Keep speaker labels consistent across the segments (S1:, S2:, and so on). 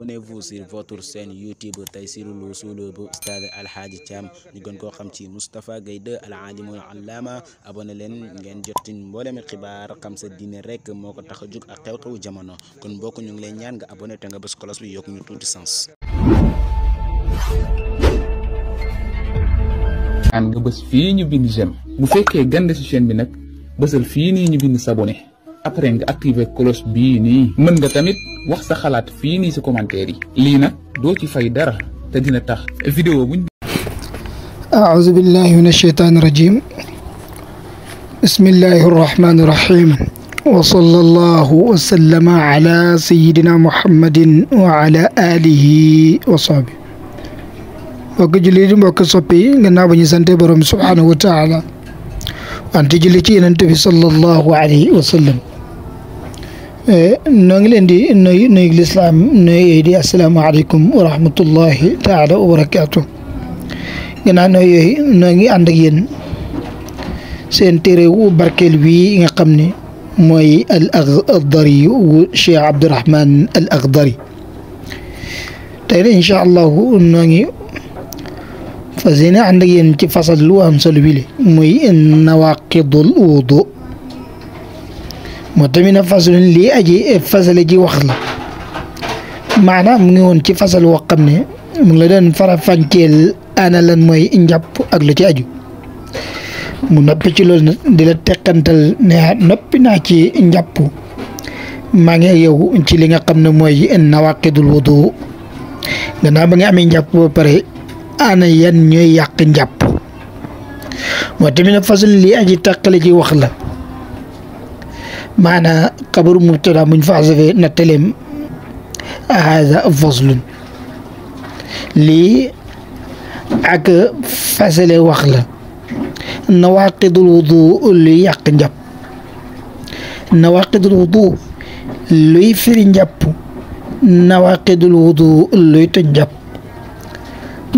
S1: Abonnez-vous sur votre chaîne YouTube Taysiroul Lousoulou bu Oustaz Alhaji Thiam ñu gën koo xam ci Moustapha Gueye 2 al alimul allama abonné leen ngeen jotin mboolemi xibaar xam sa diine rek moo ko tax a jóg ak xew-xewu jamono kon mbokk ñu ngi lay ñaan nga abonné te nga bës cloche bi yokk ñu tuuti sens aan nga bëss fi ñu bind j'aime bu fekkee gande ci chaîne bi nak bëssal fi ni ñu bind s'abonner après nga activer cloche bi ni mën nga tamit wax sa xalaat fii nii si commentaire yi lii nag doo ci fay dara te dina tax vidéo buñ أعوذ بالله من الشيطان الرجيم بسم الله الرحمن الرحيم وصلى الله وسلم على سيدنا محمد وعلى آله وصحبه mbokk julli di mbokk soppi gannaaw ba ñu sante borom subhanahu wa taala wante julli ci yonent bi sallallahu alayhi wa sallam Eh, noo ngi leen di nuyu nuyu lislaam nuyu yi di asalaamaaleykum taala wa barakaatu gannaaw nuyu yooyu noo ngi ànd ak yéen nga xam ni mooy al Akhdari wu Cheikh Abdourahmane al Akhdari tey de incha allahu noo ngi fas yéene ànd ak yéen ci fasal lu am solo wile wudu moo tamit na fasulun lii aji fasale ji wax la maanaam mu ngi woon ci fasal wax xam ne mu ngi la doon fara fànceel ana lan mooy njàpp ak lu ci aju mu noppi ci loolu nag di la teqantal ne noppi naa ci njàpp maa ngi yow ci li nga xam ne mooy nawaqidul wudu gannaaw ba nga amee njàpp ba pare ana yan ñooy yàq njàpp moo tamit na fasul lii aj tàqale ji wax la maana xabaru mubtada buñ fa xasafee nattaleem haada faslun lii ak fasale wax la nawaqidul wudu luy yàq njàpp nawaqidul wudu luy firi njàpp nawaqidul luy toj njàpp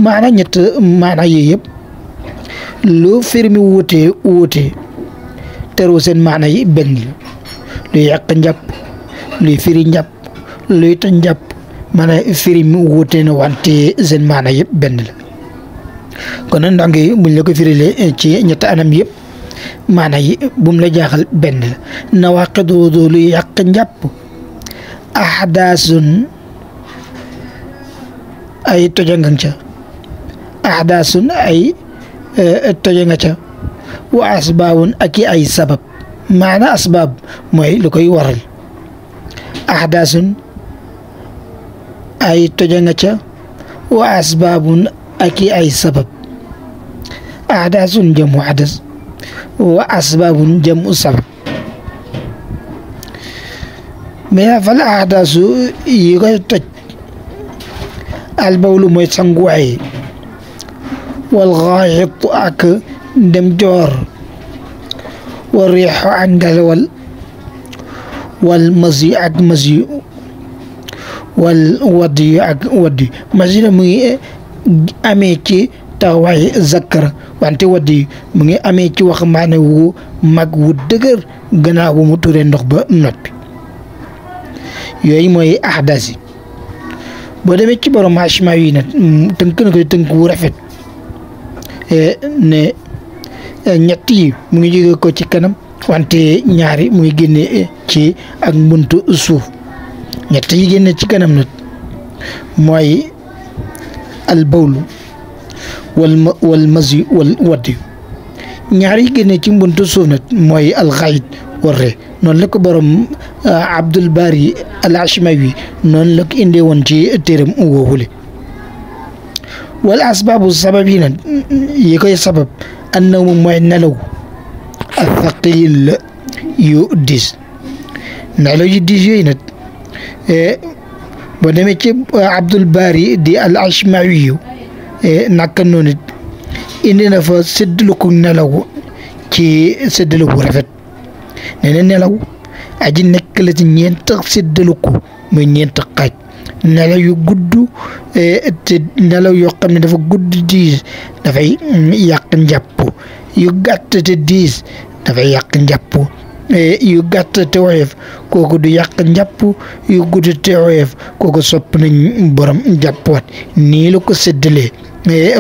S1: maana ñett maana yooyu yëpp loo firi mi wuute wuute teru maana yi benn la luy yàq njàpp luy firi njàpp luy tañ njàpp maanaam firi mu na wante seen maana yëpp benn la kon ndongo yi buñ la ko firilee eh, ci ñett anam yëpp maana yi bum la jaaxal benn la nawaaqidu wudu luy yàq njàpp ahdaasun ay toja nga ca ahdaasun ay eh, toja nga ca wa asbaabun ak i ay sabab maana asbaab mooy lu koy waral ahdaasun ay toja ca wa asbaabun aki ay sabab ahdaasun jamu hadas wa asbaabun jamu sabab mais fal ahdaasu yi koy toj albawlu mooy sanguwaay wal xaaxit ak dem joor والريح عن دلول والمزي عق مزي والودي عق ودي مزينا مي أميكي تغوي ذكر وانتي ودي مي أميكي وخمانه وو مك ودقر غنا ومطورين نقب نطبي يوي مي أحدازي بدي مكي برو ماشي ماوي نت تنكنا كي تنكو رفت ايه نه Eh, ñett yi mu ngi jóge ko ci kanam wante ñaari mu ngi génne eh, ci ak mbuntu suuf ñett yi génne ci kanam nag mooy albawlu wal ma wal masi wal waddi ñaar yi génne ci mbuntu suuf nag mooy alxayit warre noonu la borom eh, Abdul Bari al Ashmawi noonu la ko indee woon ci téeram woowule wal asbaabu sabab yi nag yi koy sabab annaw moom mooy nelaw ak thaqil yu diis nelaw yu diis yooyu nag e, boo demee ci e, Abdul Bari di al Ashmawi e, naka indi na fa séddalu nelaw ci séddalu bu rafet nee na nelaw aji nekk la ci ñeent séddalu ko muy نلاو يقدو نلاو يقمن دفو قد ديز دفعي يقن جابو يقات تديز دفعي يقن جابو يقات تواف كوكو دو يقن جابو يقود تواف كوكو سبن برم جابوات نيلو سدلي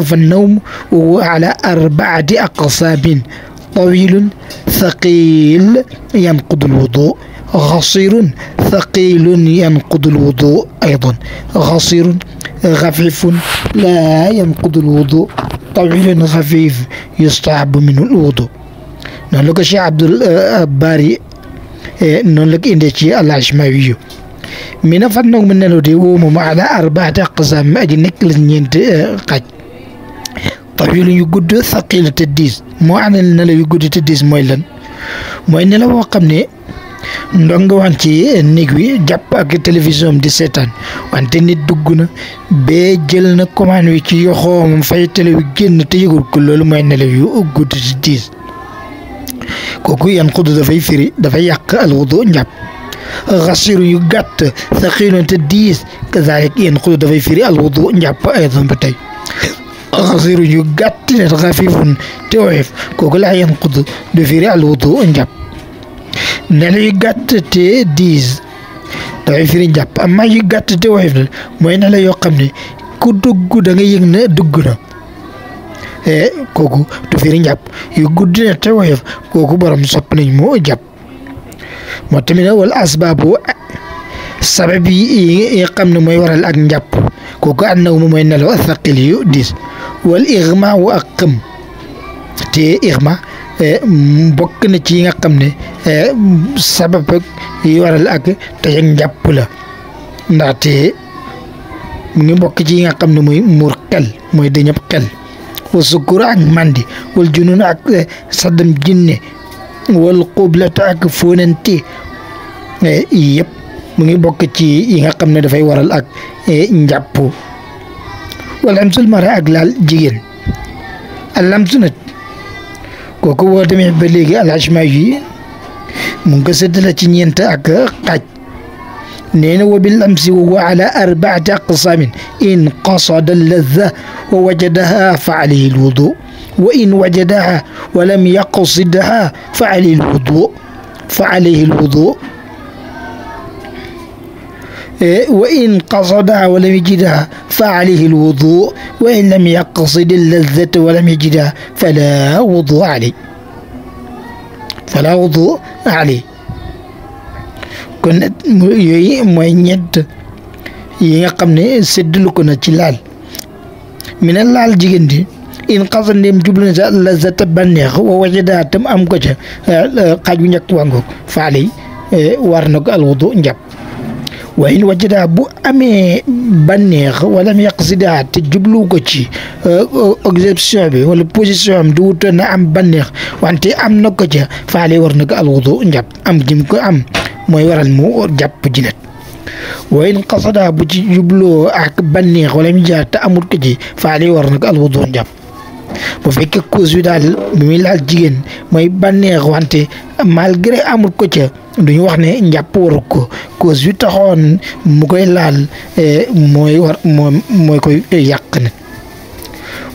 S1: فالنوم هو على أربعة أقصاب طويل ثقيل ينقض الوضوء غصير ثقيل ينقض الوضوء أيضا غصير غفيف لا ينقض الوضوء طويل خفيف يستعب من الوضوء نقول لك شي عبد الباري آه، آه، نقول لك إن شيء العشماوي من فنو من الوديوم على أربعة أقسام نكل نينت آه، قد طويل يقود ثقيل تديس مو عن لا يقود تديس مويلا وإن لو قمني ndongo waan ci néeg wi jàpp ak télévision di seetaan wante nit dugg na bee jël na commande wi ci yoxoom fay télé wi génn te yëgul ko loolu mooy nelaw yu gudd ci diis kooku yan xudu dafay firi dafay yàq alwudu njàpp xasiru yu gàtt saxiinun te diis kazalik yan xudu dafay firi alwudu njàpp aydan ba tey xasiru yu gàtt net xafifun te oyof kooku laa yan xudu du firi alwudu njàpp nee na yu gàtt te diis dafay firi jàpp amaa yu gàtt te woyof na mooy ne la yoo xam ne ku dugg da nga yëg ne dugg na e, kooku du firi njàpp yu gudd na te woyof kooku borom sopp nañ moo jàpp moo tamit wal wala asbaabu sabab yi yi xam ne mooy waral ak njàpp kooku ànnaw mu mooy nelaw thaqil yu diis wal igmaa ak xëm te IRMA eh, bokk na ci yi nga xam ne eh, sabab yi waral ak tey ak njàpp la ndaxte mu ngi bokk ci yi nga xam ne mooy muur xel mooy dañëpp xel wal sukkur ak mandi wal junun ak saddam jinne wal xublata ak fóonante eh, yëpp mu ngi bokk ci yi nga xam ne dafay waral ak njàpp wala am sul mara ak lal jigéen alam su kooku woo demee ba léegi alxaj Mahi mu ngi ko séddale ci ñeent ak xaaj nee na wa bil amsi wa ala arbaati aqsaamin in qasada alladha wa wajadaha fa alayhi alwudu wa in wajadaha wa lam yaqsidha fa alayhi alwudu fa alayhi alwudu إيه، وإن قصدها ولم يجدها فعليه الوضوء وإن لم يقصد اللذة ولم يجدها فلا وضوء عليه فلا وضوء عليه كنت مؤيد يقمني سدل كنا جلال من الله الجيند إن قصد نيم جبل اللذة لذة بنيخ ووجدها تم أمكجة آه، قاجو نكوانغو فعليه warnog آه، الوضوء wudu وإن وجد بو أمي بنيخ ولم يقصد تجبلو كشي أجزبسيون بي ولا بوزيسيون دوت أم بنيخ وأنت أم نكجة فعلي ورنك الوضوء نجاب أم جمك أم mooy waral mu jàpp jinet way qasadaa bu ci jubloo ak banneex wala mu jaar te amul ko ci faale war nag alwudu njàpp bu fekkee cause daal bi muy laal jigéen mooy banneex wante malgré amul ko ca duñu wax ne njàpp waru ko cause yu taxoon mu koy laal eh, mooy war moom mooy koy yàq nag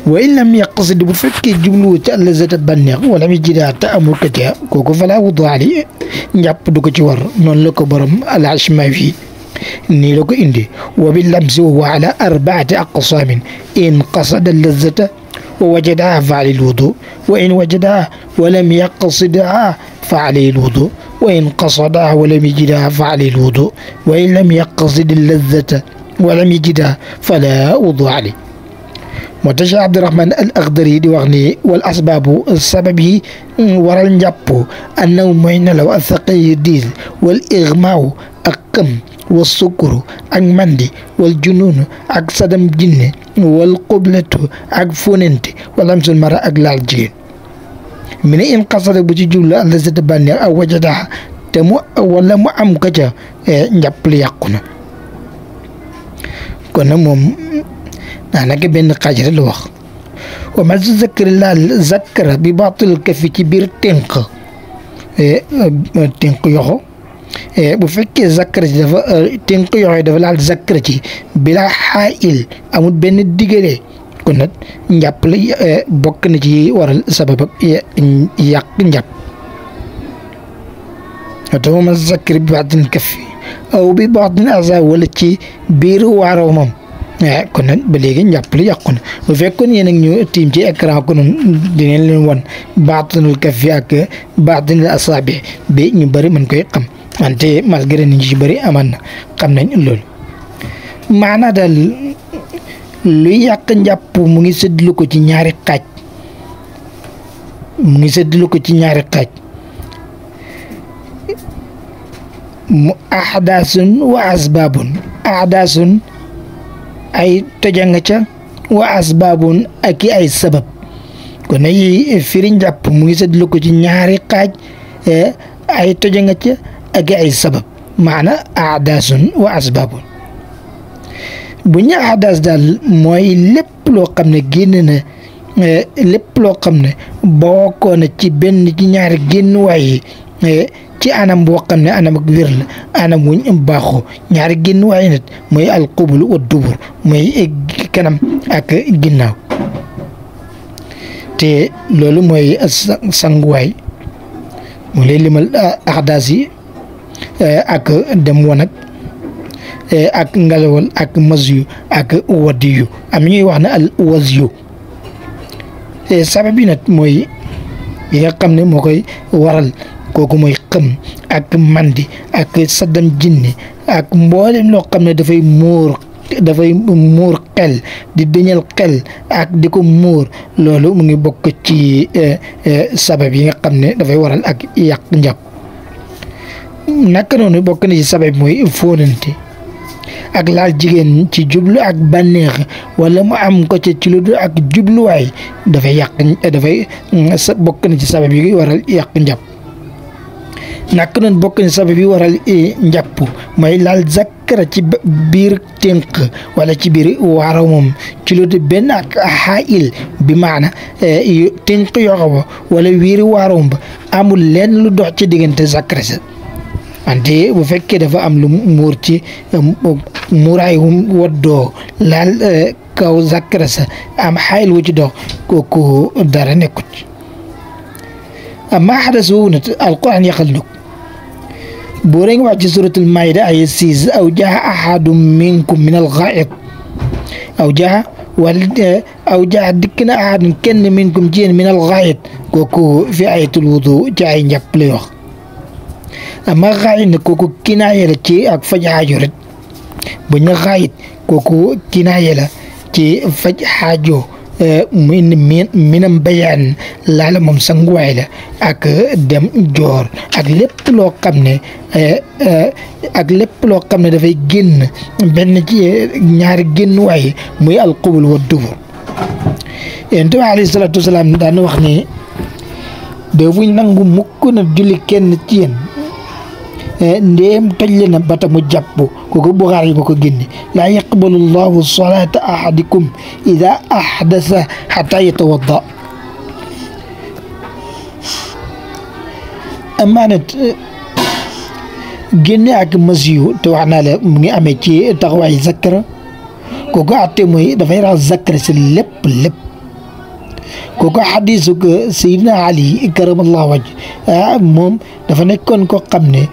S1: wa in lam yaqsid bu fekkee jubluwu ca lazata bànneex wala mi jidaa te amul ko ca kooku falaa wudu ali du ko ci war noonu la ko borom alaa fii nii la ko indi wa bi lamsi wa ala arbaati in qasada lazata ووجدها فعلي الوضوء وإن وجدها ولم يقصدها فعلي الوضوء وإن قصدها ولم يجدها فعلي الوضوء وإن لم يقصد اللذة ولم يجدها فلا وضوء عليه متجا عبد الرحمن الأخضري دوغني والأسباب السبب ورنجبو النوم من لو الثقي الديز والإغماء أقم والسكر أجمندي والجنون أكسدم جنة wal xublatu ak fonante wala am sul mara ak laal jigéen mi ne in xasada bu ci jublu àlla sata bànneex ak wajadaxa te mu wala mu am ka ca njàpp li yàqu na kon nag moom daanaka benn xaaj rek la wax wa ma zakkara la zakkara bi baatil kafi ci biir tënk tënk yoxo Eh, bu fekkee zakkara ci dafa eh, tënk dafa laal zakkara ci bilaa xaayil amul benn digale kon nag njàpp la eh, bokk na ci waral sabab ak yàq njàpp atawuma zakkari bi baadin kaffi aw bi baadin aza wala ci biir waaroo moom kon nag ba léegi njàpp li yàqu na bu fekkoon yéen ak ñu tiim ci écran ko noonu leen wan baatinul kaffi ak baatinul asaabi bi ñu bari mën koy xam wante malgré ni ci bëri aman na xam nañ loolu maanaa daal luy yàq njàpp mu ngi séddlu ko ci ñaari xaaj mu ngi séddlu ko ci ñaari xaaj mu axdaasun wa asbaabun axdaasun ay tojanga ca wa asbaabun ak ay sabab kon ay firi njàpp mu ngi séddlu ko ci ñaari xaaj eh, ay tojanga ca أجاء السبب معنى أحداث وأسباب bu ñu ahdaas daal mooy lépp loo xam ne génn na eh, lépp loo xam ne bokkoo ci benn ci ñaar génnuwaay yi eh, ci anam boo xam ne anam ak wér la anam wuñ baaxoo ñaari génnuwaay nag mooy alqubul wa dubur mooy kanam ak ginnaaw te loolu mooy sanguwaay mu limal eh, ahdaas Eh, ak dem wanag ak ngalawal eh, ak masyu ak wadiyu am ñuy wax na al wasyu eh, sabab bi nag mooy yi nga xam ne moo koy waral kooku mooy xëm ak mandi ak saddam jinni ak mboolem loo xam ne dafay muur dafay muur di dëñal xel ak di ko muur loolu mu ngi bokk ci sabab yi nga xam ne dafay waral ak yàq njàpp naka noonu bokk na ci sabab mooy fóonante ak laal jigéen ci jublu ak bànneex wala mu am ko ca ci lu ak jubluwaay dafay yàq dafay mm, bokk na ci sabab yi waral yàq njàpp naka noonu bokk na ci sabab waral eh, njàpp mooy laal zakkara ci biir tënk wala ci biir waarawam ci lu benn ak xaayil bi maana eh, tënk yoxo ba wala wiiri waarawam ba amul lenn lu dox ci diggante zakkara sa ande bu fekke dafa am lu mur ci muray muuraay waddoo lal kaw zakkara sa am hayl wu ci dox kooku dara ci amma xadas alquran yakhluk nag reng reen wax ci suratul maida ay siis aw ja axadu minkum min alghaib aw ja wal aw ja dikna na ken minkum ci min alghaib koku fi ayatul wudu ci ay njàpp lay wax amma xaayit kooku kinaaya ci ak faj aajo rek bu ñu xaayit kooku kinaaya la ci faj aajo eh, min minam bayaan laala moom sanguwaay la ak dem joor ak lépp loo xam ne eh, eh, ak lépp loo xam ne dafay génn benn ci ñaari génnuwaay muy alqubul wa dubur yonent bi alayhi salaatu wasalaam wax ni doo buñ nangu mukk na ci yéen ndem xëj bata mu jàpp ko Buxaari ba ko génne la yaqbalu allah salata ahadikum idha ahdasa hatta yatawadda amanat génne ak masiyu te wax naa la mu ngi amé ci zakra ko kooku àtte moy da fay ra zakra ci lépp lépp kooku xadiisu sayidna ali karamallahu waj ah, moom dafa nekkoon ko xam ne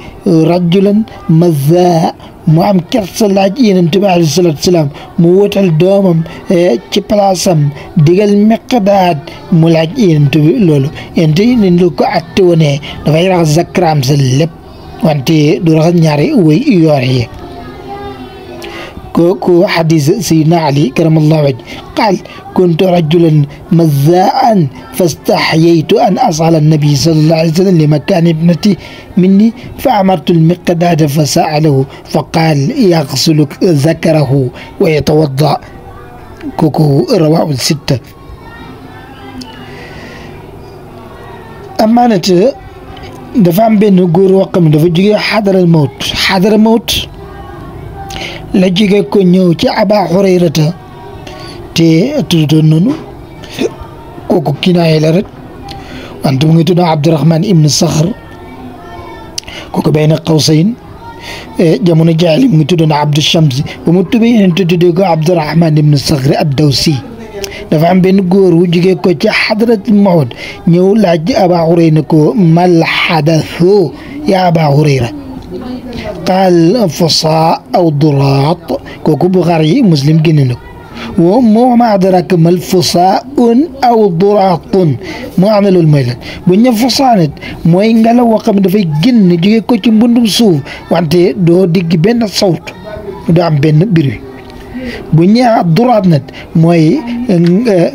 S1: rajulan mazaa mu am kersa laaj yonent bi alayhi mu wóotal doomam eh, ci palaasam digal miqdaad mu laaj yonent bi loolu yonent bi ni lu ko atte wonee dafay sa lépp wante du raxas ñaari wéy yoor yi كوكو حديث سيدنا علي كرم الله وجهه قال كنت رجلا مذاء فاستحييت أن أسأل النبي صلى الله عليه وسلم لمكان ابنتي مني فأمرت المقداد فسأله فقال يغسل ذكره ويتوضأ كوكو رواه الستة أمانة دفع am benn góor woo xam الموت حضر الموت la jóge ko ñëw ci Aba Hurayrata te tuddoon noonu kooku kinaaya la rek wante mu ngi tudd Abdurahman ibn Saxr kooku bayna qawsayn e, jamono jaahili mu ngi tuddoon Abdu Shams ba mu tubee yéen tuddee ko Abdurahman ibn Saxr ad-Dawsi dafa am benn góor wu jóge ko ci xadrat Mawud ñëw laaj Aba Hurayra mal xadathu yaa Aba Hurayra قال فصا او ضراط كوكو بغاري مسلم جننك ومو ما أدراك ما الفصاء أو ضراط ما عملوا الميلان بني فصانت ما ينقل وقم دفاي جن جي كوتي بندم سوف وانت دو ديك بين الصوت دعم بين بري بني ضراط نت ما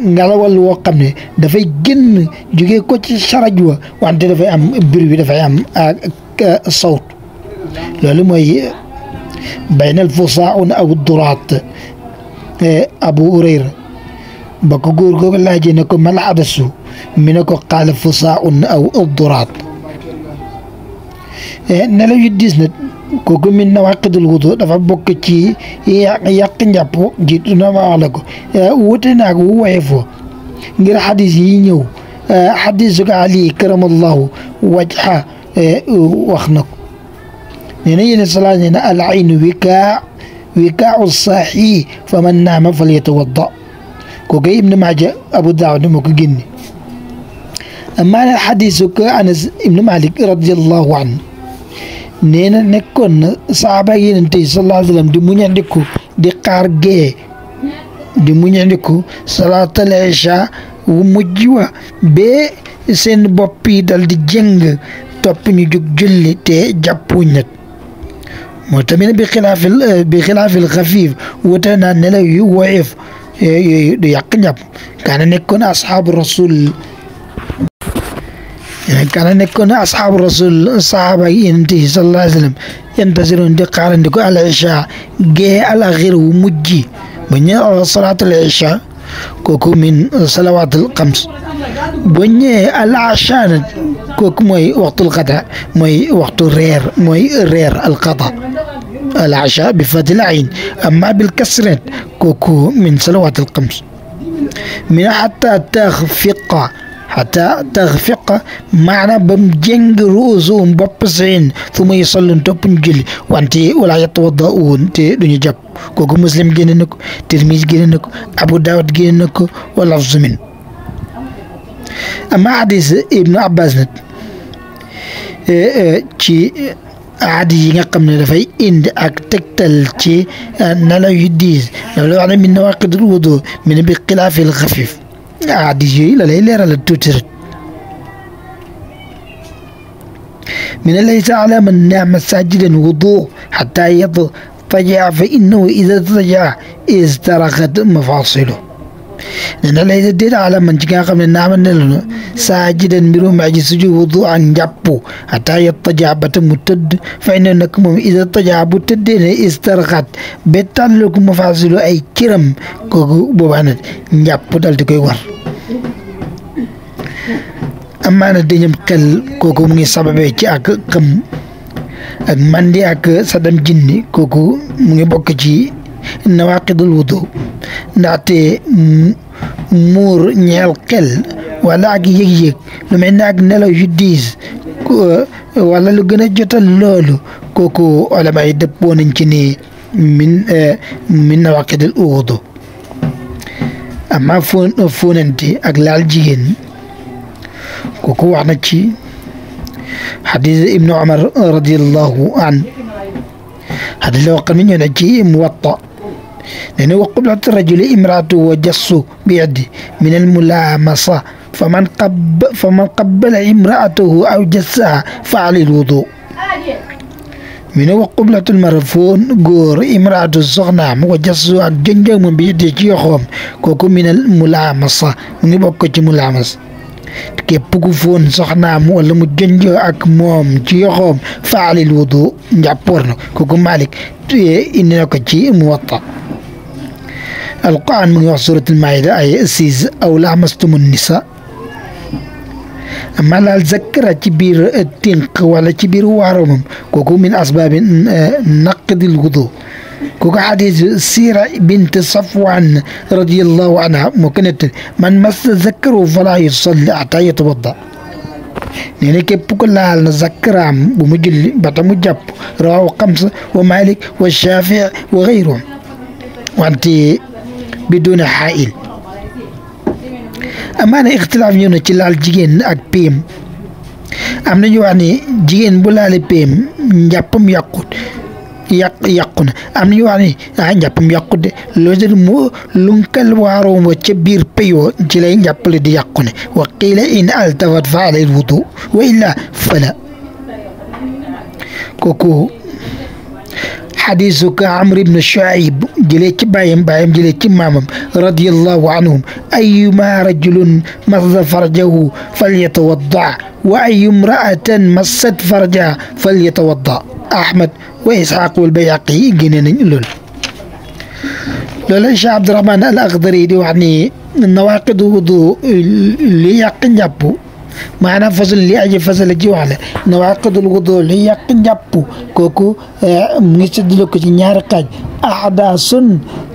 S1: نقلوا وقم دفاي جن جي كوتي شرجوا وانت دفاي أم بري دفاي أم الصوت آه، loolu mooy baynal fusaaun aw duraat eh, abu urayra ba ko góor googu laajee ko mal abasu mi ne ko qaala fusaaun aw duraat eh, nelaw yu diis ko kooku min nawaaqidul wudu dafa bokk ci yàq yàq njàpp ji dina ma wax la ko eh, wute naag wu woyefoo ngir xadis yi ñëw xadisu ko Ali karamallahu wajha wax na nini sala nina al ain wika wika usahi faman nama falyatawadda ko gay ibn majah abu daud mo ko genni amma al hadith ko anas ibn malik radiyallahu anhu neena nekkoon na saaba ak yeneen tey sallallahu alayhi wa di muñandiku di xaar di muñandiku salaatal isha wu mujj be bee seen dal di jëng topp ñu jug julli te jàppuñ متمين بخلاف بخلاف الخفيف وتنا نلا يوقف يقنب كان نكون أصحاب الرسول يعني كان نكون أصحاب الرسول الصحابة ينتهي صلى الله عليه وسلم ينتظرون دي قارن دي على العشاء جاء على غير ومجي من صلاة العشاء كوكو من صلوات xams بني العشان al ashaa وقت القضاء mooy وقت الرير mooy الرير القضاء العشاء بفتح العين أما بالكسرة كوكو من صلوات القمص من حتى تخفق حتى تخفق معنى بمجنج رؤوسهم ببسين ثم يصلون توبن جلي وانتي ولا يتوضؤون تي دنيا جاب كوكو مسلم جننك ترميز جننك أبو داود جننك ولا زمن أما حديث ابن عباس نت إيه، إيه، aada yi nga xam ne dafay indi ak tegtal ci nelaw yu diis dafa lay wax ne min nawaqidil wudu min bi xilaafil xafif aada yooyu la lay leeral tuuti rek من ليس على من نام ساجدا وضوء حتى يضطجع فإنه إذا اضطجع استرخت مفاصله nee na lay déet ala man ci nga xam ne naama nelaw na saajidan mbirum aji sujud wudu ak njàpp hatta yatajabata mu tëdd fay na nag moom ida tajabu tëddee ne istarxat ba tàllal ko mafasilu ay ciram kooku boobaa nag njàpp dal di koy war amaana kooku mu ngi sababee ci ak xam ak mandi ak sadam jinni kooku mu ngi bokk nawaqidul wudu ndaxte muur ñeel xel wala ak lu mel ne ak nelaw yu diis wala lu gën a jotal loolu kooku olama yi nañ ci ni min min nawaqidul wudu amma fon ak laal jigéen kooku wax na ci xadis ibnu Umar radiyallahu an xadis la waxam ñoo na ci muwatta nee wa qiblatu rajuli imraatu wa jassu bi min al mulaamasa fa man qab fa man qabbala imraatahu aw jassaha fa alil wudu mi ne wa qublatul imraatu soxnaam wa jassu ak jënjëmam bi yeddi ci yoxoom kooku min al mulaamasa mu ngi bokk ci mulaamas képp ku foon soxnaam wala mu jënjoo ak moom ci yoxoom fa alil wudu njàppoor na kooku Malik indi na ko ci Muwatta القرآن من سورة المائدة أي أسيز أو لامستم النساء أما لا تذكر كبير التنق ولا كبير وارمم كوكو من أسباب نقد الوضوء كوكو حديث سيرة بنت صفوان رضي الله عنها ممكن من مس ذكره فلا يصلي حتى يتوضا يعني كيف بكل حال نذكر بمجل بتمجب رواه خمسة ومالك والشافع وغيرهم وانتي biduna xaayil amaana ixtilaaf ñëw na ci laal jigéen ak péem am nañu wax ne jigéen bu laale péem njàppam yàqut yàq yàqu na am nañu wax ne ah njàppam yàqut de loolu mu lunkal waaroom wa ca biir péyoo ci lay njàppale di yàqu ne wa qiila in altafat fa alal wudu wa illa fala kooku حديثك عمرو بن شعيب جليت بايم بايم جليك مامم رضي الله عنهم أيما رجل مض فرجه فليتوضع وأي امرأة مست فرجها فليتوضا أحمد وإسحاق البيعقي جنين لول لولا عبد الرحمن الأخضري دي يعني النواقد وضوء اللي يقن يبو معنا فصل لي أجي فصل جي وعلى نواقد الغضول هي قنجبو كوكو آه، مجسد لك جنيار قاج أحداث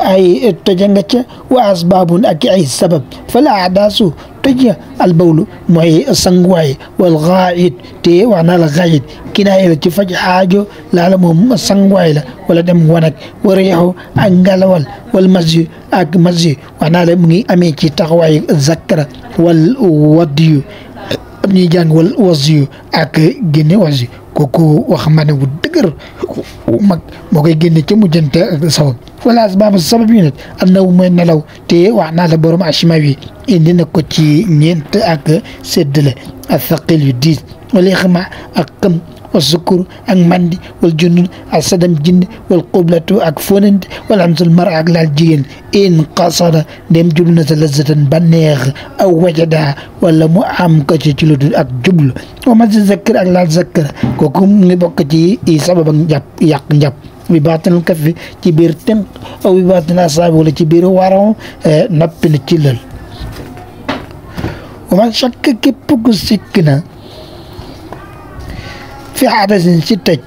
S1: أي تجنجة وأسباب أكي أي سبب فلا أحداث تجي البول معي السنغواي والغايد تي وعنا الغايد كنا إلى تفج حاجو لا لم هم السنغواي ولا دم ونك وريحو أنجلوال والمزي أك مزي وعنا لمني أميكي تقوى الزكرة والوديو ñuy jàng wal was yu ak génne was yu kooku wax wu dëgër mag moo koy génne ca mujjante ak sabab wala asbaab sabab yu nag am na mooy nelaw te wax naa la borom achima wi na ko ci ñeent ak seddale ak thaqil yu diis wala xama والسكر اك ماندي والجنون السدم جن والقبلة اك فوننت والعمز المرء اك الجين ان قصر ديم جلونة لذة بنيغ او وجدا ولا مو عام كتش جلود اك جبل وما تذكر اك لا تذكر كوكوم نبوك جي اي سبب جاب ياق جاب wi batan ka fi ci bir tem wi batan sa wala ci bir waro nappi ci lel o ma chak kep ko fi xaadasin ci tëj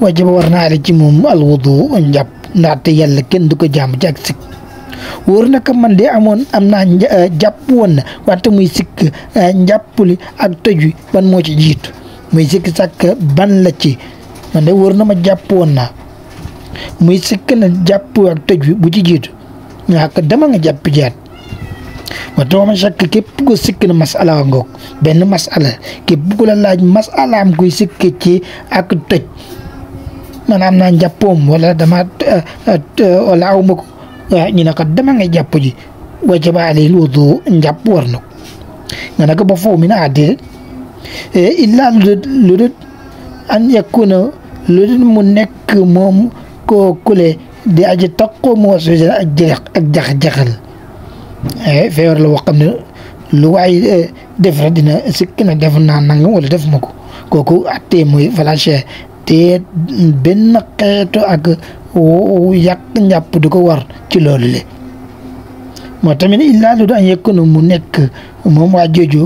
S1: wajaba war naa la ci moom alwudu njàpp ndaxte yàlla kenn du ko jàmm ci ak sikk wóor na ko man de amoon am naa euh, jàpp woon na wante muy sikk euh, njàpp ak tëj wi ban moo ci jiitu muy sikk sàkk ban la ci man de wóor na ma jàpp woon naa muy sikk na jàpp ak tëj wi bu ci jiitu ñaaka dama nga jàpp jaat ma dooma shakk képp ko sikk na masala ngoog benn masala képp ku la laaj masala am kuy sikk ci ak tëj man am naa njàppoom wala dama eh, eh, wala aw ma ko ñu ne ko dama nga jàpp ji wajaba alil wudu war na ko nga ba foofu mi na àddee ah, eh, illaa lu dut an yakuna lu mu nekk moom koo kule di aji taqoo mu waswise ak jax ak jaxal Eh, feebar la boo xam ne lu waay eh, def rek dina sikk def naa nangam wala def ma ko kooku attee mooy falache te benn xeetu ak yàq njàpp du ko war ci loolu le moo tamit illaa lu daan yëkkanu mu nekk moom waa jooju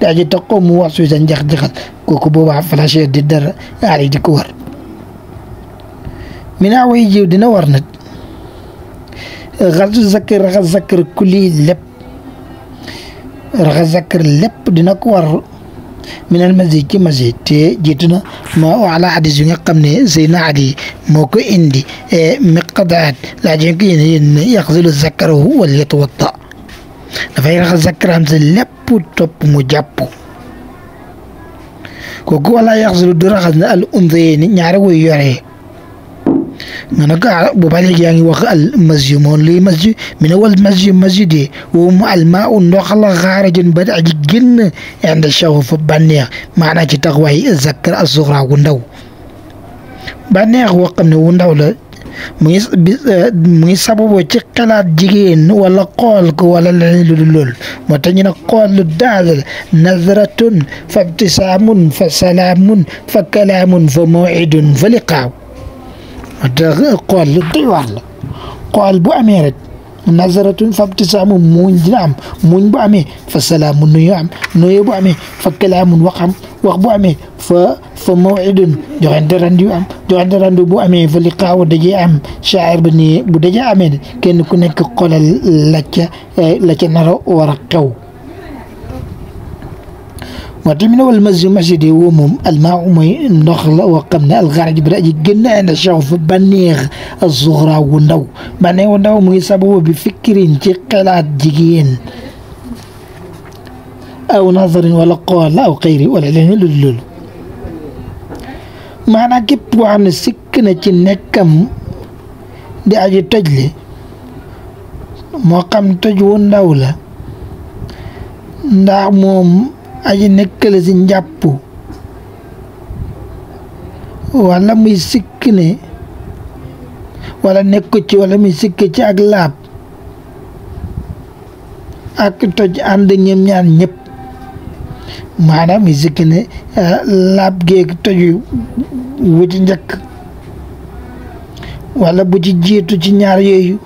S1: daa ji mu wax suy sa njax-jaxal kooku boobaa di dara aari di ko war minaa way jiw dina war na غرج ذكر رغ ذكر كل لب رغ ذكر لب دنكور من المزيد كما زيت جيتنا ما على حديث يقمني زين علي موكو اندي إيه، مقدعات لا جنكين يخذل الذكر هو اللي توضع نفعي رغ ذكر همز اللب توب مجابو كوكو لا يخذل درغ الانذين نعرف ويوري من قال ببالي يعني وقع المزيمون لي مزي من أول مزي مزي دي وهم الماء النقل خارج بدع الجن عند الشوف بنيا معنى تقوي ذكر الصغرى وندو بنيا وقمن وندو ل مي سبب وتشكل الجين ولا قول ولا لول متنين قول الدال نظرة فابتسام فسلام فكلام فموعد فلقاء qolli warla qol bu amere نظرة فابتسام منجنعم من بعمي فسلام نيعم نوي بعمي فكلام وقم وق بعمي ف فموعد جوان دران يعم جوان دران بو أمي فلقاء ودجي أم شاعر بني بدجي أمين كن كنك قول لك لك نرى ورقو وضمن والمزي مسجد ومم الماء ومي النخل وقمنا الغرج برأي جنة أنا شوف بنيغ الزغرة ونو بني ونو ميسابه بفكر جقلات جيين أو نظر ولا قول أو غيري ولا لين للول معنى جب وعن سكنة نكم دي عجي تجلي مقام تجو دولة ndax نعم، aji nekk la ci wala muy sikk wala nekku ci wala muy sikk ci ak laab ak toj ànd ñoom ñaar ñëpp maanaam muy sikk ne eh, laab geeg toju wu ci njëkk wala bu jiitu ci ñaar yooyu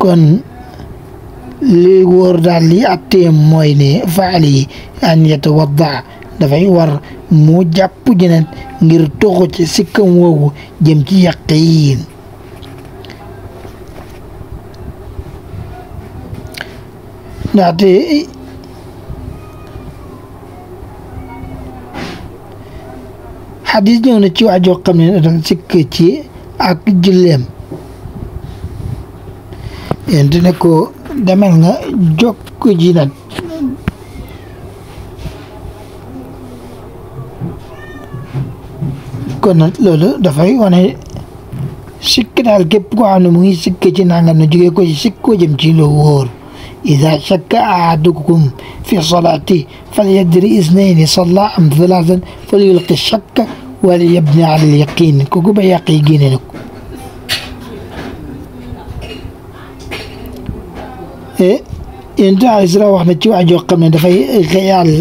S1: kon li wóor daal li atteem mooy ne faali yi an yatawadda dafay war mu jàpp jënet ngir toxu ci sikkam woowu jëm ci yaqiin ndaxte xadis ñëw na ci waa joo xam ne dafa sikk ci ak julleem yéen ko demel nga jokk ji nag kon nag loolu dafay wane sikk daal képp koo xam ne mu ngi sikk ci nangam na jógee ko ci sikk ko jëm ci lu wóor إذا شك أحدكم في صلاته فليدري اثنين صلى أم ثلاثا فليلقي الشك وليبني على اليقين كوكب يقينك inta Isra wax ma ci wax joo xam ne dafay xëyaal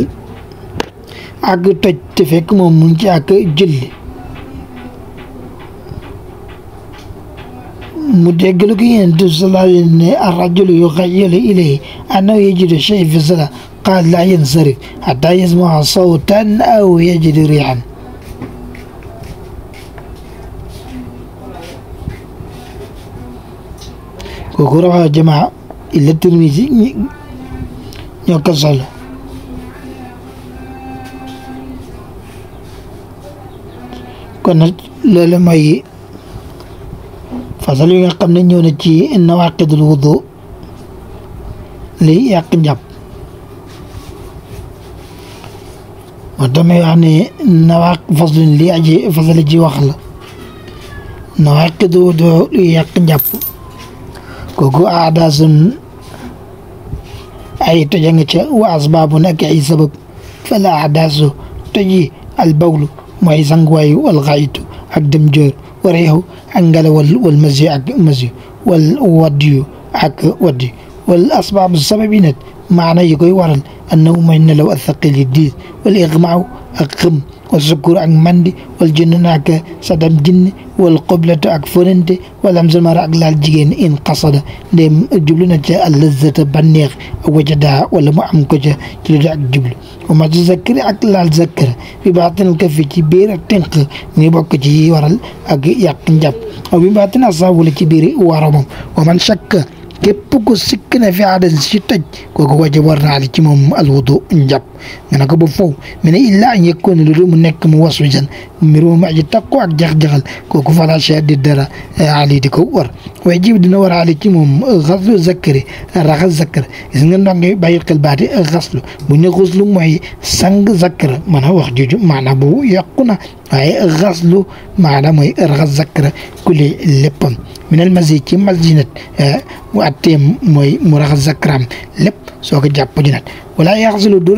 S1: ak toj te fekk moom mu ngi ci ak jël mu déglu ko yonent bi sallallahu alayhi ne ar-rajulu yuxayyalu ilayhi annahu yajidu shay'an fi s-salaa qaala laa yansarif hattaa yasma'a sawtan aw yajida riihan kooku rawahu jamaa illa Tirmisi ñoo ko solo kon loolu mooy fasal yi nga xam ne ñëw na ci nawaaqidul wudu li yàq njàpp moo tax may wax ne nawaaq faslun li aji fasal ji wax la wudu li yàq njàpp كوكو أعدازن أي تجنجة وأسباب نك أي سبب فلا أعدازو تجي البول معي زنقواي والغايت أقدم جير وريهو أنقل والمزي أك مزي والودي أك ودي والأسباب السببينت معنى يقوي ورل أنه ما إن لو الثقيل الديد والإغمع أقم والزكور أك مندي والجنون أك سدم جن والقبلة أك فرنتي ولم زمر أك لال جين إن قصد دم جبلنا جاء اللذة بنيغ وجدا ولا ما أم كجا جلد أك جبل وما تذكر أك لال ذكر في باطن الكفي بير تنق نبوك جي ورل أك يقنجب أو في باطن أصاب ولكي ومن شك képp ku sikk ne fi aadan si tëj kooku waje war naa li ci al alwudu njàpp nga ne ko ba foofu mu ne illaa an yakuna lu mu nekk mu wasu jan miruhu ma jirta ku ag jaqjaqal ko ku falaashaa didara caliidi ويجيب دنور على كيمهم غسل زكري رغز زكر إذن نعم بعير قلباتي غسل بني غسل معي سنج زكر مانا هو خجوج معنى بو يقنا أي غسل معنى معي رغز زكر كل لبم من المزيكي مزينة آه، واتيم معي مرغز زكرام لب soo ko jàpp ju nag wala yaxas lu du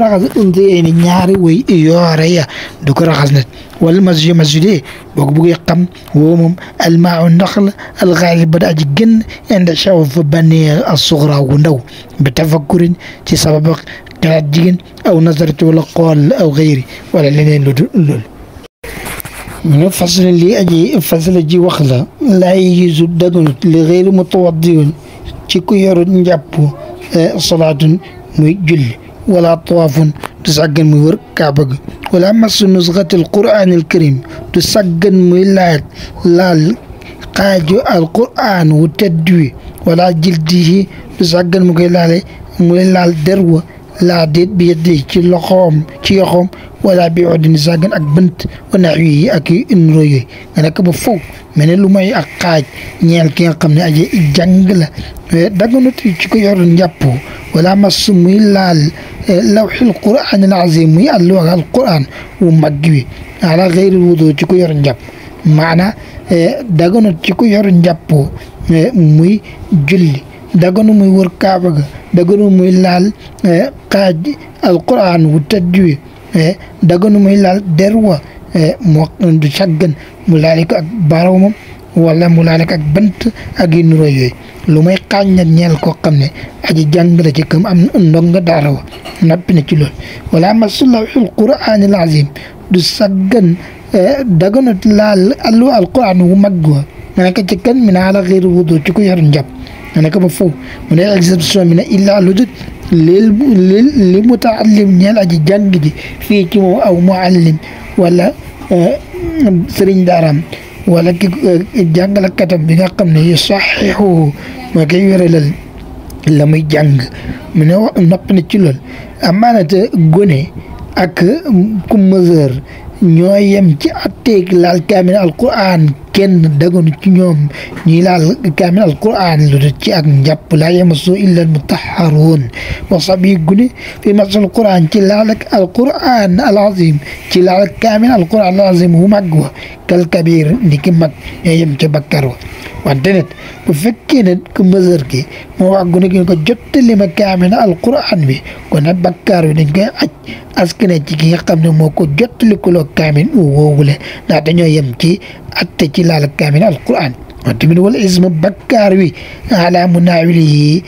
S1: ci ene ñaari way yoore ya du ko raxas nak wal masjid masjid boo bu bëggee xam wo mom al ma'u nakhl al ghalib da ji génn indi shaw bani al sughra wu ndaw bi tafakkur ci sabab galaat jigéen aw nasarati wala qol aw ghairi wala lenen lu dul من فصل لي أجي فصل جي وخلا لا يجوز دغنت لغير متوضي تشكو يرد نجابو Eh, salaatun muy julli wala tawaafun du sàggan muy wër kaaba gi wala masu nusxatil quraan al karim du sàggan muy laaj laal xaaju al quraan wu tedd wi wala du sàggan mu koy laale muy laal der laa déet bi ci loxoom ci yoxoom wala bi oddin zaggan ak bënt wanaax yi ak unro yooyu nga nekk ba faw lu may ak xaaj ñeel ki nga xam ne aji jàng la eh, dagganut ci ko yor njàpp wala mas muy laal eh, lawxil quran al azim muy àlluwaga al quran wu mag wi ala wudu ci ko yor njàpp maana eh, dagganut ci ko yor njàpp muy julli daganu muy wër ga daganu muy laal xaaj alquran wu tëdd Eh, daganu muy laal der wa eh, moo du càggan mu laale ko ak baaraamam wala mu laale ko ak bant ak yu nuroo yooyu lu may xaañ na koo xam ne aji jàng la ci kam am ndonga daara wa nappi na ci loolu wala masulahul quraan al azim du saggan eh, daganut laal wu mag wa ma ne ko ci kan mi naa ala xeer wudu ci ko yor njàpp ba foofu mu ne exception bi ne illaa lu للمتعلم ديال اجي جانج في كي او معلم ولا سرين دارام ولا جانج لك كتب بيغا خمن يصحح ما كيير لل لما جانج من هو نبني تشلول امانه غوني اك كومزر ñoyam ci atté lal kamil alquran kenn daganu ci ñoom ñuy laal kaamil alquran lu dul ci ak njàpp laa yamassu illa almutahharuun wax sax bii gune fi masal alquran ci laal ak al alazim ci laal ak kaamil alquran alazim wu mag wa kal kabir ndi ki mag ñoo yem ca bakkar wa wante nag bu fekkee ne ku mësër ki moo wax gune gi ko jottali ma kaamil alquran bi kon nag bakkaar bi dañ koy askane ci ki nga xam ne moo ko jottali kuloo kaamil woowule ndax dañoo yem ci atte ci laal ak kaamil alquran on tamit wala isma bakkaar wi ala munaawilihi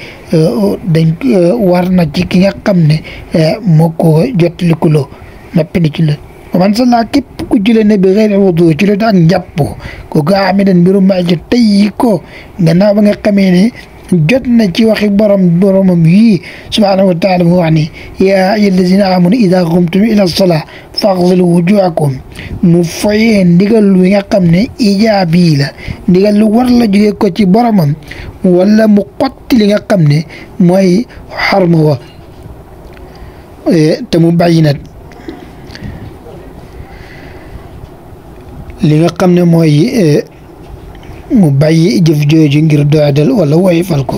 S1: dañ war na ki nga xam ne moo ko jot likuloo noppi na ci la man sala képp ku jule ne bi xëyri wudu ci lu ak njàpp ko ga amidan mbirum ma ji tey ko gannaaw ba nga xamee ne جدنا جي برم برمم مي سبحانه وتعالى يعني يا أي الذين آمنوا إذا قمتم إلى الصلاة فاغسلوا وجوهكم مفعين نقل وي خامني إيجابي لا ديغل ورلا جوغي كو برمم ولا مقتل ليغا خامني موي حرم و te mu ماي mu bàyyi jëf jooju ngir doyadal wala woyofal ko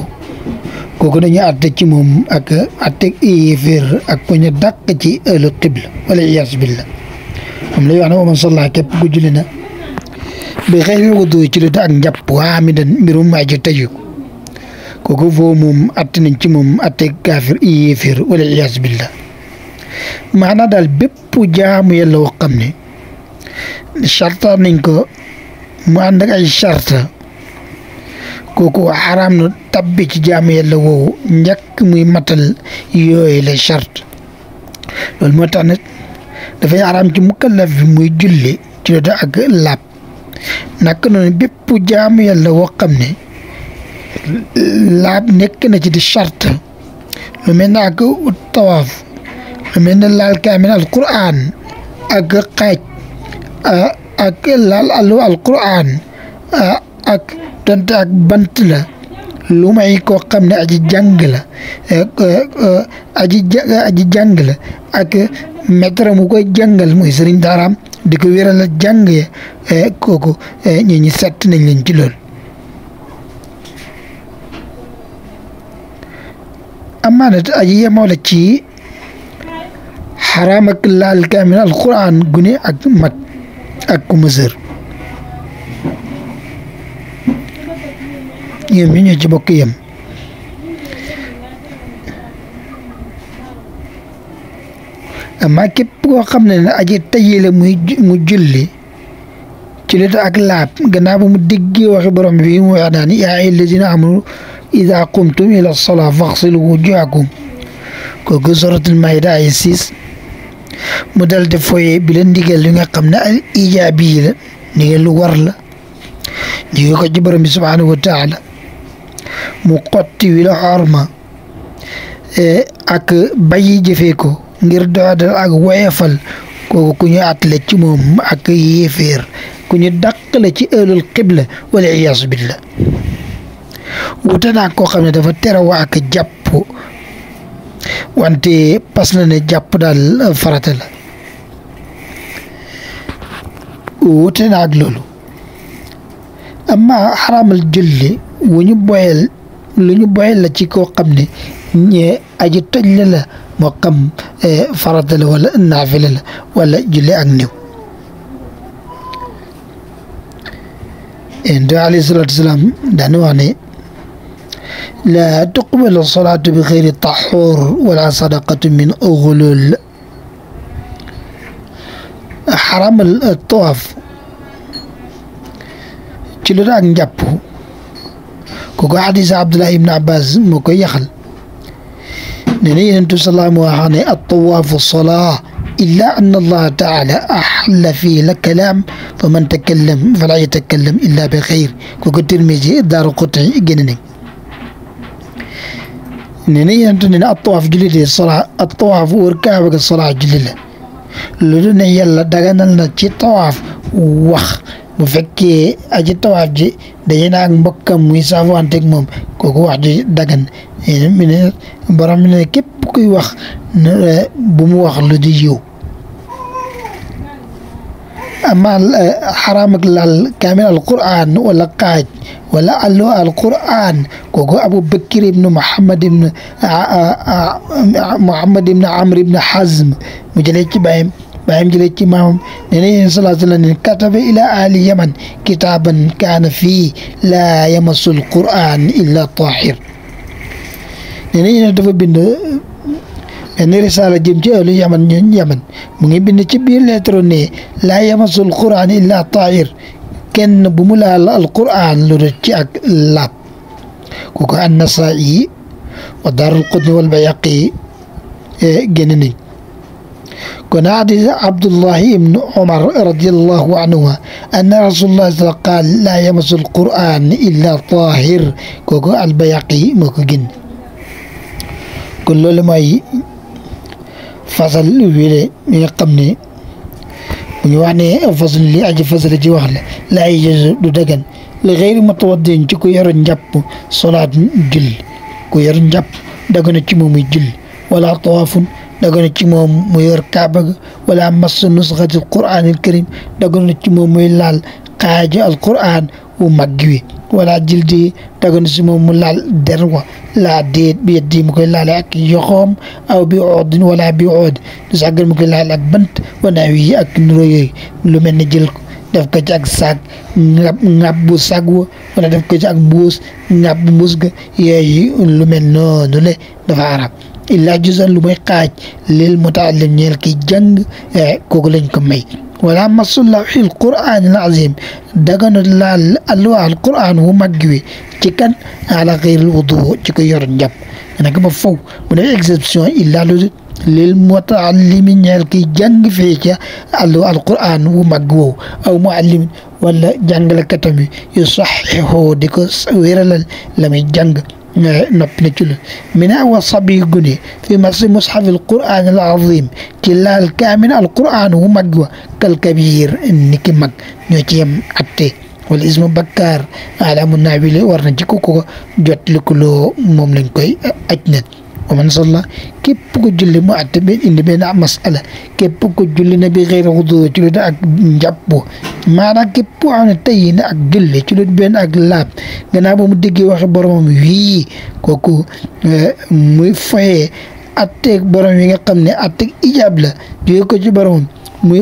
S1: kooku dañu àtte ci moom ak àtteeg yéeféer ak ku ñu ci ëllu xibla wala iyaas billah am la yoo xam ne moom sallaa képp ku julli na bi xëyri wudu ci lu ak njàpp waa mi mbirum maa ji tëju kooku foo moom ci moom àtteeg kaafir yéeféer wala iyaas billah maanaa daal bépp jaamu yàlla woo xam ne mu ànd ak ay charta kooku xaraam na tabbi ci jaamu yàlla woowu njëkk muy matal yooyu la charte loolu moo tax nag dafay xaraam ci mukallaf bi muy julli ci loolu ak laab naka noonu bépp jaamu yàlla woo ne laab nekk na ci di lu mel ak tawaaf lu mel ne laal kaamil al Qur'an ak xaaj ah, ak laal àllu alquran ak donte ak bant la lu may koo xam ne aji jàng la aji aji la ak maître mu koy jàngal muy sëriñ daaraam di ko wéral la jàng kooku ñi ñi sett nañ leen ci aji yemoo la ci xaraam ak laal kaamil alquran gune ak mag أكو مزر يمين يجب قيم أما كيبو قمنا أجي تيلي مجلي تلت أكلاب جنابو مدقي وخبرهم فيهم إذا قمتم إلى الصلاة فاغسلوا وجوهكم كجزرة المايدة عيسيس mu dal di foye bi ndigal li nga xam ne al ijaabi la ndigal lu war la jóge ko ci borom bi subhaanahu wa taala mu xotti wi la xorma e, ak bàyyi jëfee ko ngir doodal ak woyafal kooku ku ñu àttale ci moom ak yéeféer ku ñu dàqale ci ëllul xibla wala iyaasu billah wuute naa xam ne dafa teraw ak jàpp wante pas na ne jàpp euh, la wute na ak loolu amma xaraamal julli wu ñu boyal lu ñu boyal la ci koo xam ne ñe aji toj la la moo xam euh, farata la wala naafila julli ak néew en do alayhi salaatu salaam wax لا تقبل الصلاة بغير الطحور ولا صدقة من أغلل حرام الطواف تلو راك نجابو كوكو حديث عبد الله بن عباس موكو يخل نبي انتو صلى الله عليه الطواف الصلاة إلا أن الله تعالى أحل فيه الكلام فمن تكلم فلا يتكلم إلا بخير كوكو ترمجي دار قطعي جنني ninayamtanin awaaf jilile awaaf warkaabaga salax jilile lodhanaya dhaganalna ci tawaaf wax bu fekkee aji tawaaf ji daje na ak mbokkam muy saafowanteeg moom kooku wax ji dagan mi borom ne képp kuy wax eh, bu mu wax lu di yiw أما حرام كامل القرآن ولا قاج ولا ألو القرآن كوكو أبو بكر بن محمد بن آه، آه، آه، محمد بن عمرو بن حزم مجلتي بهم بهم جلتي مام نبي صلى الله عليه وسلم كتب إلى أهل اليمن كتابا كان فيه لا يمس القرآن إلا طاهر نبي نتفق بن benn risaala jëm ci ahlu mu ngi bind ci biir lettre ne laa yamasul quran illa taahir kenn bu mu laal alquran lu dul ci ak laab kooku an wa Daarul Qutni wal Bayhaqi e, génn nañ kon hadiis Abdullahi ibn Umar radiyallahu anhuma anna rasulullah sa qaal laa yamasul quran illa taahir kooku al-Bayhaqi moo ko génn kon loolu mooy فصل ويلي ميقمني ويعني فصل اللي أجي فصل جوال لا يجوز لدقن لغير متوضين جكو يرن جب صلاة جل كو يرن جب دقن جمومي جل ولا طواف دقن جموم مير كعب ولا مص نسخة القرآن الكريم دقن جموم ميلال قاجة القرآن ومقوي wala jildi dagan si moom laal der wa laa déet bi yeddi mu koy laale ak yoxoom aw bi oodin wala bi ood du mu koy laale ak bant wanaa wi ak nuró yooyu lu mel ne jël ko def ko ak saag ngab ngab bu saag wa wala def ko ak mbuus ngab mbuus ga yooyu lu mel noonu le dafa arab illaa jusan lu may xaaj lil mutaallim ñeel ki jàng eh, kooku lañ ko may ولا مص لوحي القرآن العظيم دغن اللوح القرآن هو مجوي تكن على غير الوضوء تكن يرجب أنا كما فو ولا إكسبسيون إلا لوزي للمتعلم نيال كي فيك اللو القرآن ومجو أو معلم ولا جانغ لكتمي يصححه ديكو ويرلل لم يجانغ نبنجل من صبي قدي في مصر مصحف القرآن العظيم كلا الكامل القرآن هو ومجوى كالكبير إنك مج نجيم أتي والاسم بكار على منابلي ورنجكوكو جوت لكلو مملنكوي أجنت wa man salla képp ko julli mu atte benn indi benn masala képp ko julli na bi xëyri xudur ci lu da ak njàpp maanaam képp koo xam ne ak julli ci lu benn ak laab gannaaw ba mu déggee waxe boromam wii kooku eh, muy fayee atteeg borom yi nga xam ne atteeg ijaab la jóge ko ci boromam muy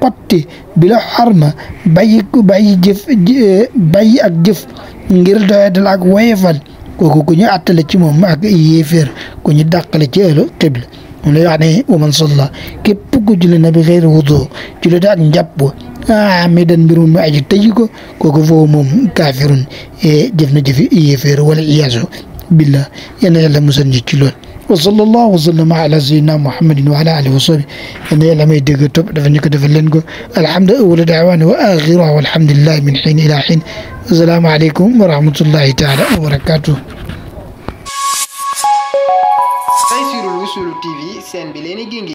S1: xotti bi la xarma bàyyi bàyyi jëf eh, bàyyi ak jëf ngir doyatal ak woyefal kooku ku ñu àttale ci moom ak yéeféer ko ñu dàqale ci ëllu xibla moom lay wax ne waman salla képp ku julli na bi xëyri wudu julli ak njàpp amidan mbir mu aji tëj ko kooku foofu moom kaafirun eh, jëf na jëfi yéeféer wala iyaasu billah yéen yàlla musal ñu ci lool وصلى الله وسلم على سيدنا محمد وعلى اله وصحبه ان يلم يدق توب دفنك دفلنكو الحمد اول دعوان واخرها والحمد لله من حين الى حين السلام عليكم ورحمه الله تعالى وبركاته Tayfirul Usul TV seen bi leen